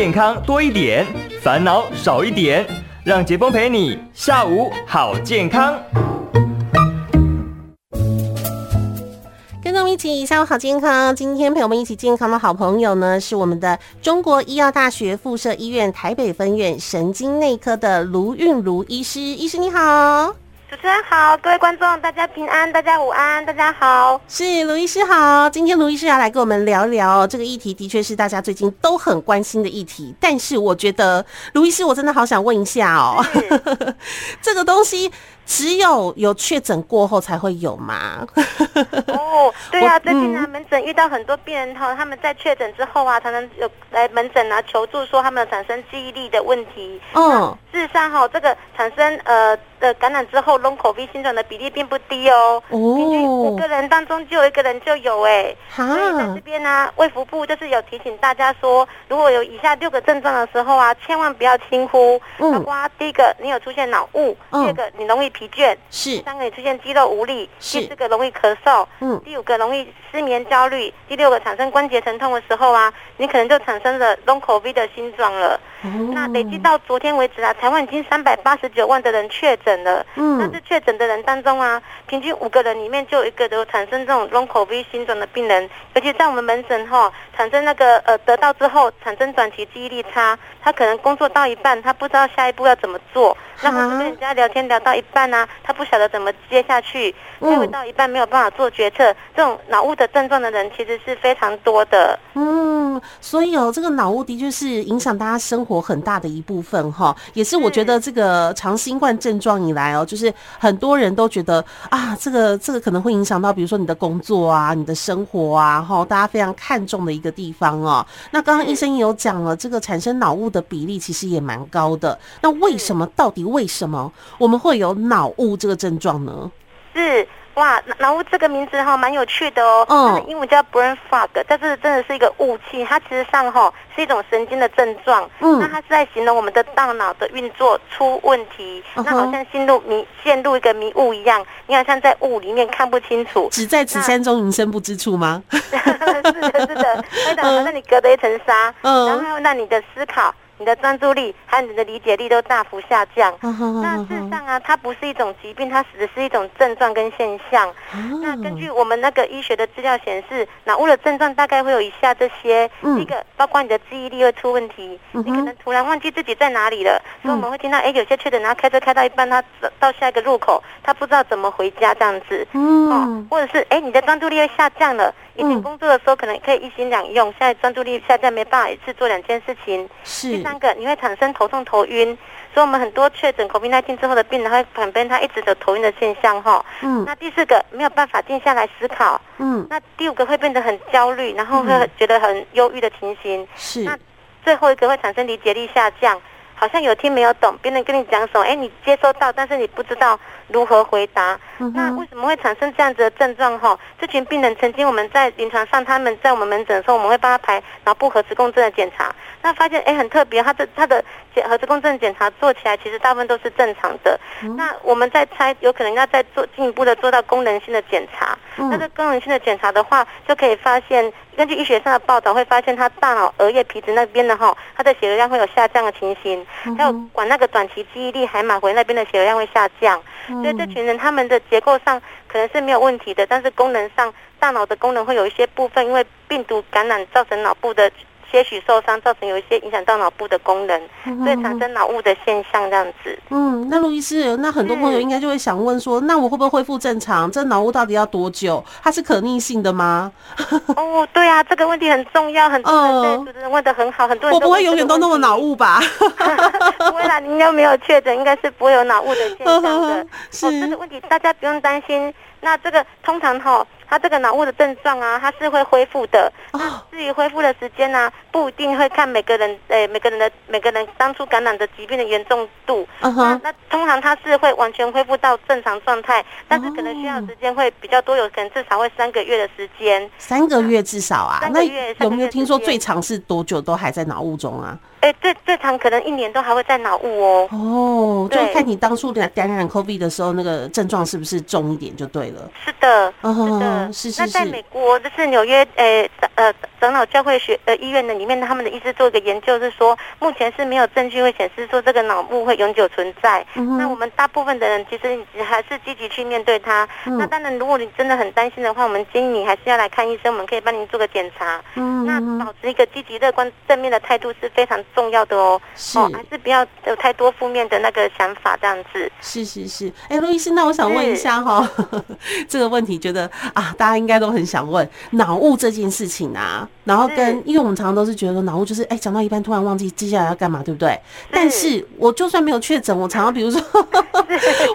健康多一點，煩惱少一點，讓潔楓陪你下午好健康。跟著我們一起下午好健康。今天陪我們一起健康的好朋友呢，是我們的中國醫藥大學附設醫院台北分院神經內科的盧韻如醫師。醫師你好。主持人好，各位觀眾，大家平安，大家午安，大家好。是，盧醫師好，今天盧醫師要來跟我們聊聊這個議題，的確是大家最近都很關心的議題。但是我覺得，盧醫師，我真的好想問一下哦、喔是， 這個東西。只有有確診過後才會有嘛？哦 ，oh, 對啊，最近，嗯、呢，門診遇到很多病人哈，他們在確診之後啊，他們有來門診啊求助，說他們有產生記憶力的問題。嗯、oh.。事實上哈、哦，這個產生呃的感染之後 long COVID 症狀的比例並不低哦。哦，oh. 平均五個人當中就有一個人就有哎。Huh? 所以在這邊呢，衛福部就是有提醒大家說，如果有以下六個症狀的時候啊，千萬不要輕忽。嗯，包括第一個，你有出現腦霧；第二個，oh. 你容易。疲倦是。第、嗯、三個出現肌肉無力，第四個容易咳嗽，第五個容易失眠焦慮，第六個產生關節疼痛的時候啊，你可能就產生了 Long COVID 的症狀了。嗯、那累計到昨天為止啊，台灣已經三百八十九萬的人確診了。嗯、但是確診的人當中啊，平均五個人裡面就有一個都產生這種 Long COVID 症狀的病人。而且在我們門診後、哦、產生那個呃得到之後，產生短期記憶力差，他可能工作到一半，他不知道下一步要怎麼做。那他跟人家聊天聊到一半呢、啊，他不曉得怎麼接下去，因為、嗯、到一半沒有辦法做決策，這種腦霧的症狀的人其實是非常多的。嗯所以哦，這個腦霧的確是影響大家生活很大的一部分哈，也是我覺得這個長新冠症狀以來哦，就是很多人都覺得啊，這個這個可能會影響到，比如說你的工作啊、你的生活啊，哈，大家非常看重的一個地方哦。那剛剛醫生也有講了，這個產生腦霧的比例其實也蠻高的，那為什麼？是到底為什麼我們會有腦霧這個症狀呢？嗯。哇，腦霧這個名字哈、哦、蠻有趣的哦。嗯、哦，它的英文叫 brain fog，但是真的是一個霧氣。它其實上吼、哦、是一種神經的症狀。嗯，那它是在形容我們的大腦的運作出問題。哦、哼那好像陷入迷，陷入一個迷霧一樣。你好像在霧裡面看不清楚。只在此山中，雲深那不知處嗎？ 是。是的，是的。非常好。那、嗯、你隔了一層紗。嗯，然後那你的思考。你的專注力還有你的理解力都大幅下降。 那事實上啊，它不是一種疾病，它只是一種症狀跟現象。 那根據我們那個醫學的資料顯示，腦霧的症狀大概會有以下這些：嗯、一個，包括你的記憶力會出問題，嗯、哼你可能突然忘記自己在哪裡了。嗯、所以我們會聽到，哎，有些確診，然後開車開到一半，他到下一個路口，他不知道怎麼回家這樣子。嗯，嗯或者是，哎，你的專注力又下降了。你、嗯、工作的時候可能可以一心兩用，現在專注力下降，沒辦法一次做兩件事情。是第三個，你會產生頭痛頭暈，所以我們很多確診 COVID-19 之後的病人，會旁邊他一直有頭暈的現象。哈、嗯，那第四個沒有辦法靜下來思考。嗯，那第五個會變得很焦慮，然後會覺得很憂鬱的情形。是，那最後一個會產生理解力下降。好像有聽沒有懂，別人跟你講什麼，哎，你接收到，但是你不知道如何回答，那為什麼會產生這樣子的症狀？哈，這群病人曾經我們在臨床上，他們在我們門診的時候，我們會幫他排，腦部核磁共振的檢查。那發現哎，很特別，他的他的核磁共振檢查做起來，其實大部分都是正常的。嗯、那我們在猜，有可能要再做進一步的，做到功能性的檢查。嗯、那個功能性的檢查的話，就可以發現，根據醫學上的報道，會發現他大腦額葉皮質那邊的哈，他的血流量會有下降的情形，嗯、還有管那個短期記憶力海馬回那邊的血流量會下降。嗯、所以這群人他們的結構上可能是沒有問題的，但是功能上大腦的功能會有一些部分，因為病毒感染造成腦部的。些許受傷，造成有一些影響到腦部的功能，所以產生腦霧的現象這樣子。嗯，那盧醫師，那很多朋友應該就會想問說，是那我會不會恢復正常？這腦霧到底要多久？它是可逆性的嗎？ 哦，對啊，這個問題很重要，很多人、呃這個、問的很好，很多人都問,問。我不會永遠都那麼腦霧吧？ 不會啦，您應該沒有確診，應該是不會有腦霧的現象的。 是、哦這個問題，大家不用擔心。那這個通常哈。他這個腦霧的症狀啊，他是會恢復的。那至於恢復的時間呢、啊，不一定會看每個人，誒、欸，每個人的每個人當初感染的疾病的嚴重度。Uh huh. 那那通常他是會完全恢復到正常狀態，但是可能需要時間會比較多，有可能至少會三個月的時間。三個月至少啊？三個月。那有沒有聽說最長是多久都還在腦霧中啊？哎，最、欸、最長可能一年都還會在腦霧哦。哦，就看你當初感感染 COVID 的時候，那個症狀是不是重一點就對了。是的，哦、是的，是是，是是。那在美國，就是紐約，哎、欸，呃。長老教會學呃醫院的裡面，他們的醫師做一個研究是說，目前是沒有證據會顯示說這個腦霧會永久存在。嗯、哼那我們大部分的人其實還是積極去面對它。嗯、那當然，如果你真的很擔心的話，我們建議你還是要來看醫生，我們可以幫您做個檢查。嗯、哼那保持一個積極樂觀正面的態度是非常重要的哦。是哦，還是不要有太多負面的那個想法這樣子。是是是，哎，盧醫師，那我想問一下哈、哦，是 這個問題覺得啊，大家應該都很想問腦霧這件事情啊。然後跟，因為我們常常都是覺得說腦霧就是，哎，講到一半突然忘記接下來要幹嘛，對不對？但是我就算沒有確診，我常常比如說，呵呵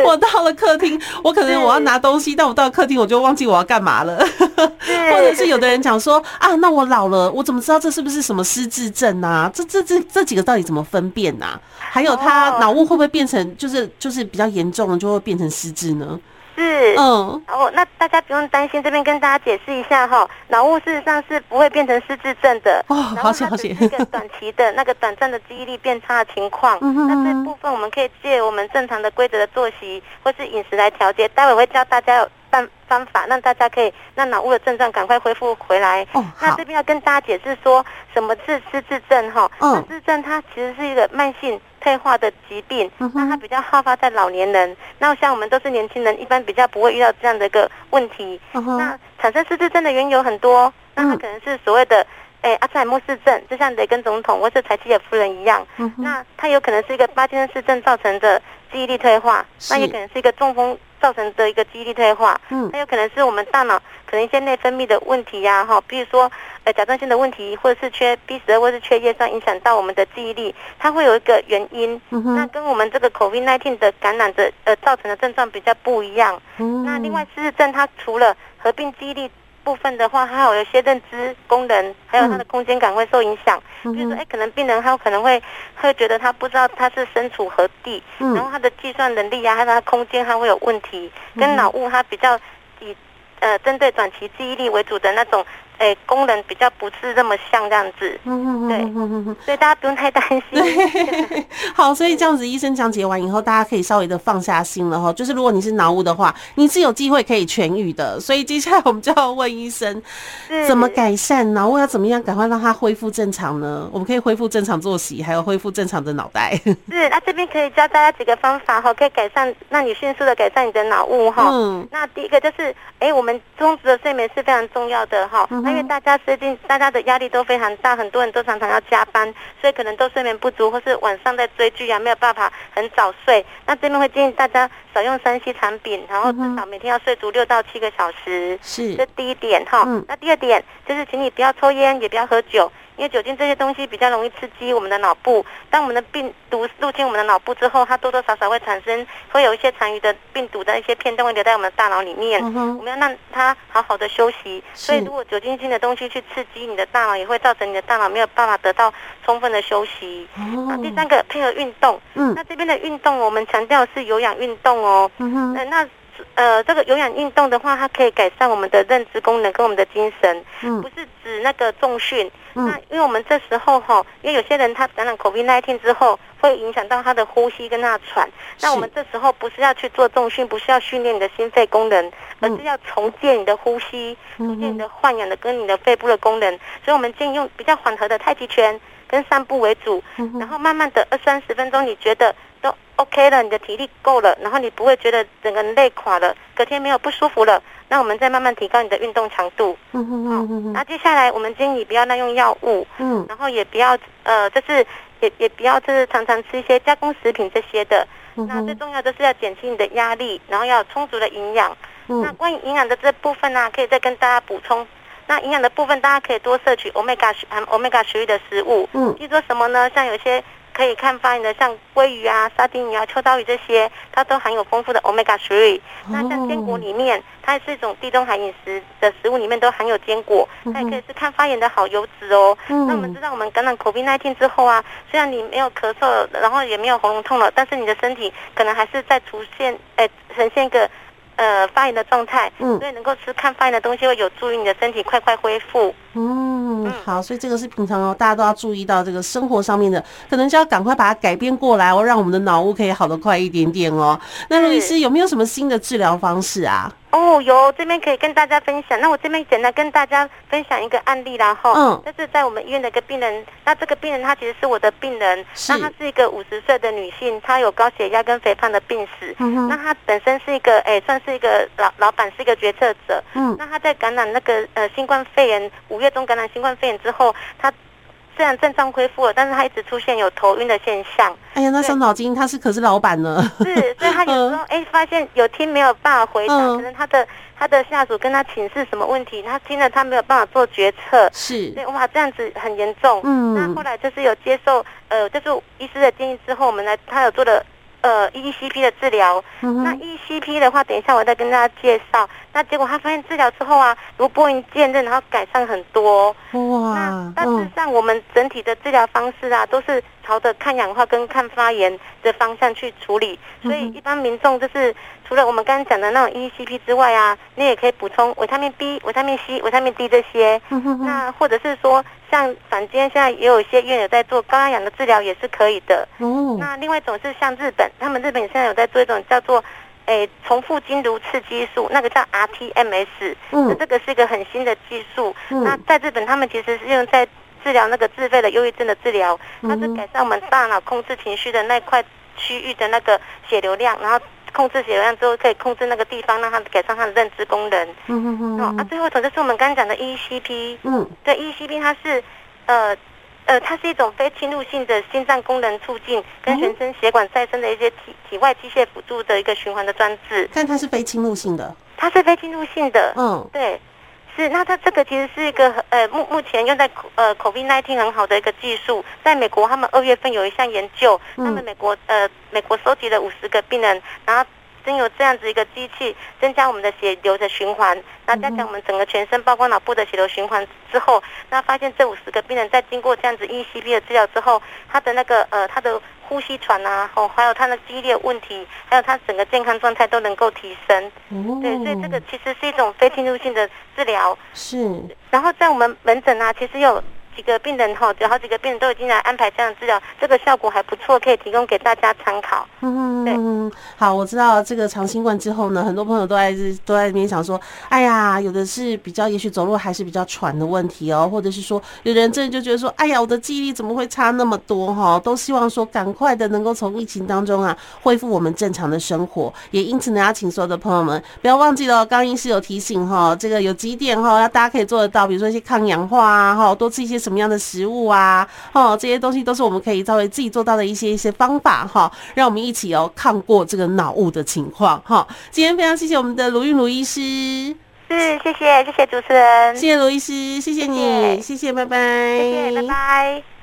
我到了客廳，我可能我要拿東西，是但我到了客廳我就忘記我要幹嘛了。 或者是有的人講說，啊，那我老了，我怎麼知道這是不是什麼失智症啊？這這這這幾個到底怎麼分辨啊？還有他腦霧會不會變成，就是就是比較嚴重了就會變成失智呢？是，嗯、哦，那大家不用擔心，這邊跟大家解釋一下哈、哦，腦霧事實上是不會變成失智症的哦，好消息，它只是一個短期的那個短暫的記憶力變差的情況，嗯嗯，那這部分我們可以借我們正常的規則的作息或是飲食來調節，待會我會教大家辦方法，讓大家可以讓腦霧的症狀趕快恢復回來。哦，那這邊要跟大家解釋說什麼是失智症哈、哦，嗯、失智症它其實是一個慢性。退化的疾病，那它比較好發在老年人。那像我們都是年輕人，一般比較不會遇到這樣的一個問題。那產生失智症的原因有很多，那它可能是所謂的，哎、欸，阿茲海默氏症，就像雷根總統或是柴契爾夫人一樣。那它有可能是一個巴金森症造成的記憶力退化，那也可能是一個中風。造成的一個記憶力退化，嗯，還有可能是我們大腦可能一些內分泌的問題呀、啊，哈，比如說，呃，甲狀腺的問題，或者是缺 B 十二，或者是缺葉酸，影響到我們的記憶力，它會有一個原因，嗯、哼那跟我們這個 COVID nineteen 的感染的呃造成的症狀比較不一樣，嗯、那另外失智症它除了合併記憶力。部分的話，還有一些認知功能，還有他的空間感會受影響。嗯、比如說，哎，可能病人他可能會會覺得他不知道他是身處何地，嗯、然後他的計算能力啊，還有他的空間他會有問題。跟腦霧，他比較以呃針對短期記憶力為主的那種。哎、欸，功能比較不是那麼像這樣子，對，所以大家不用太擔心。好，所以這樣子，醫生講解完以後，大家可以稍微的放下心了哈。就是如果你是腦霧的話，你是有機會可以痊癒的。所以接下來我們就要問醫生，是怎麼改善腦霧要怎麼樣，趕快讓它恢復正常呢？我們可以恢復正常作息，還有恢復正常的腦袋。是，那這邊可以教大家幾個方法哈，可以改善，讓你迅速的改善你的腦霧哈。齁嗯，那第一個就是，哎、欸，我們充足的睡眠是非常重要的哈。齁因為大家最近大家的壓力都非常大，很多人都常常要加班，所以可能都睡眠不足，或是晚上在追劇啊，沒有辦法很早睡。那這邊會建議大家少用三 C 產品，然後至少每天要睡足六到七個小時，是這、嗯、哼第一點哈。嗯、那第二點就是，請你不要抽煙，也不要喝酒。因為酒精這些東西比較容易刺激我們的腦部，當我們的病毒入侵我們的腦部之後，它多多少少會產生，會有一些殘餘的病毒的一些片段會留在我們的大腦裡面。嗯、哼我們要讓它好好的休息。是所以，如果酒精性的東西去刺激你的大腦，也會造成你的大腦沒有辦法得到充分的休息。嗯、哼第三個配合運動，嗯、那這邊的運動我們強調的是有氧運動哦。嗯哼、呃、那。呃，這個有氧運動的話，它可以改善我們的認知功能跟我們的精神。嗯，不是指那個重訓。嗯，那因為我們這時候哈，因為有些人他感染 COVID 那一天之後，會影響到他的呼吸跟他喘。是那我們這時候不是要去做重訓，不是要訓練你的心肺功能，嗯、而是要重建你的呼吸，重建你的換氧的跟你的肺部的功能。嗯、哼所以，我們建議用比較緩和的太極拳跟散步為主。嗯哼然後慢慢的二三十分鐘，你覺得？OK 了，你的體力夠了，然後你不會覺得整個人累垮了，隔天沒有不舒服了，那我們再慢慢提高你的運動強度。嗯哼哼哼嗯嗯嗯，那接下來我們建議你不要濫用藥物，嗯，然後也不要呃，就是也也不要就是常常吃一些加工食品這些的。嗯、哼那最重要就是要減輕你的壓力，然後要有充足的營養。嗯。那關於營養的這部分呢、啊，可以再跟大家補充。那營養的部分，大家可以多攝取 Omega 含 Omega 3的食物。嗯。例如說什麼呢？像有些。可以看發炎的，像鮭魚啊、沙丁魚啊、秋刀魚這些，它都含有豐富的 Omega three。那像堅果裡面，它也是一種地中海飲食的食物，裡面都含有堅果。它也可以是看發炎的好油脂哦。嗯、那我們知道，我們感染 COVID-19 之後啊，雖然你沒有咳嗽，然後也沒有喉嚨痛了，但是你的身體可能還是在出現，哎、呃，呈現一個呃發炎的狀態。所以能夠吃看發炎的東西，會有助於你的身體快快恢復。嗯嗯，好，所以這個是平常哦，大家都要注意到這個生活上面的，可能就要趕快把它改變過來哦，讓我們的腦霧可以好得快一點點哦。那盧醫師有沒有什麼新的治療方式啊？哦，有，這邊可以跟大家分享。那我這邊簡單跟大家分享一個案例。然後，嗯。就是在我們醫院的一個病人。那這個病人他其實是我的病人。是。那他是一個五十歲的女性，她有高血壓跟肥胖的病史。嗯哼。那她本身是一個，哎、欸，算是一個老老闆，是一個決策者。嗯。那她在感染那個呃新冠肺炎，五月中感染新冠肺炎之後，她。雖然症狀恢復了，但是他一直出現有頭暈的現象。哎呀，那傷腦筋，他是可是老闆呢？是，所以他有時候哎、呃，發現有聽沒有辦法回答，呃、可能他的他的下屬跟他請示什麼問題，他聽了他沒有辦法做決策。是，對，哇，這樣子很嚴重。嗯，那後來就是有接受呃，就是醫師的建議之後，我們來他有做的。呃，E C P 的治療，嗯、哼那 E C P 的話，等一下我再跟大家介紹。那結果他發現治療之後啊，如果波音見證，然後改善很多。哇！那事實上我們整體的治療方式啊，嗯、都是朝着抗氧化跟抗發炎的方向去處理。所以一般民眾就是除了我們剛剛講的那種 E C P 之外啊，你也可以補充維他命 B、維他命 C、維他命 D 這些。嗯、哼哼那或者是說。像坊間，今天現在也有一些醫院有在做高壓氧的治療，也是可以的。哦、嗯，那另外一種是像日本，他們日本現在有在做一種叫做，誒、欸、重複經顱刺激術，那個叫 RTMS。嗯，這個是一個很新的技術。嗯，那在日本他們其實是用在治療那個自費的憂鬱症的治療，它是改善我們大腦控制情緒的那塊區域的那個血流量，然後。控制血量之後，可以控制那個地方，讓它改善它的認知功能。嗯嗯嗯。哦、嗯嗯啊，最後一種就是我們剛才講的 ECP。嗯。對，ECP 它是，呃，呃，它是一種非侵入性的心臟功能促進跟全身血管再生的一些體體外機械輔助的一個循環的裝置。但它是非侵入性的。它是非侵入性的。嗯。對。是，那它這個其實是一個呃，目目前用在呃 COVID-19 很好的一個技術，在美國他們二月份有一項研究，他們美國呃美國收集了五十個病人，然後經由這樣子一個機器，增加我們的血流的循環，那加強我們整個全身包括腦部的血流循環之後，那發現這五十個病人在經過這樣子 ECP 的治療之後，他的那個呃他的。呼吸喘啊，哦、還有他的肌力問題，還有他整個健康狀態都能夠提升。嗯、對，所以這個其實是一種非侵入性的治療。是，然後在我們門診啊，其實有。幾個病人哈，有好幾個病人都已經來安排這樣的治療，這個效果還不錯，可以提供給大家參考。嗯，嗯好，我知道了這個長新冠之後呢，很多朋友都在都在裡面想說，哎呀，有的是比較，也許走路還是比較喘的問題哦，或者是說，有人真的就覺得說，哎呀，我的記憶力怎麼會差那麼多哈？都希望說趕快的能夠從疫情當中啊，恢復我們正常的生活，也因此呢，要請所有的朋友們不要忘記了，剛醫師有提醒哈，這個有幾點哈，要大家可以做得到，比如說一些抗氧化啊，哈，多吃一些。什麼樣的食物啊？哦，這些東西都是我們可以稍微自己做到的一些一些方法哈、哦。讓我們一起哦，抗過這個腦霧的情況哈、哦。今天非常謝謝我們的盧韻盧醫師，是謝謝謝謝主持人，謝謝盧醫師，謝謝你，謝謝，謝謝，拜拜，謝謝，拜拜。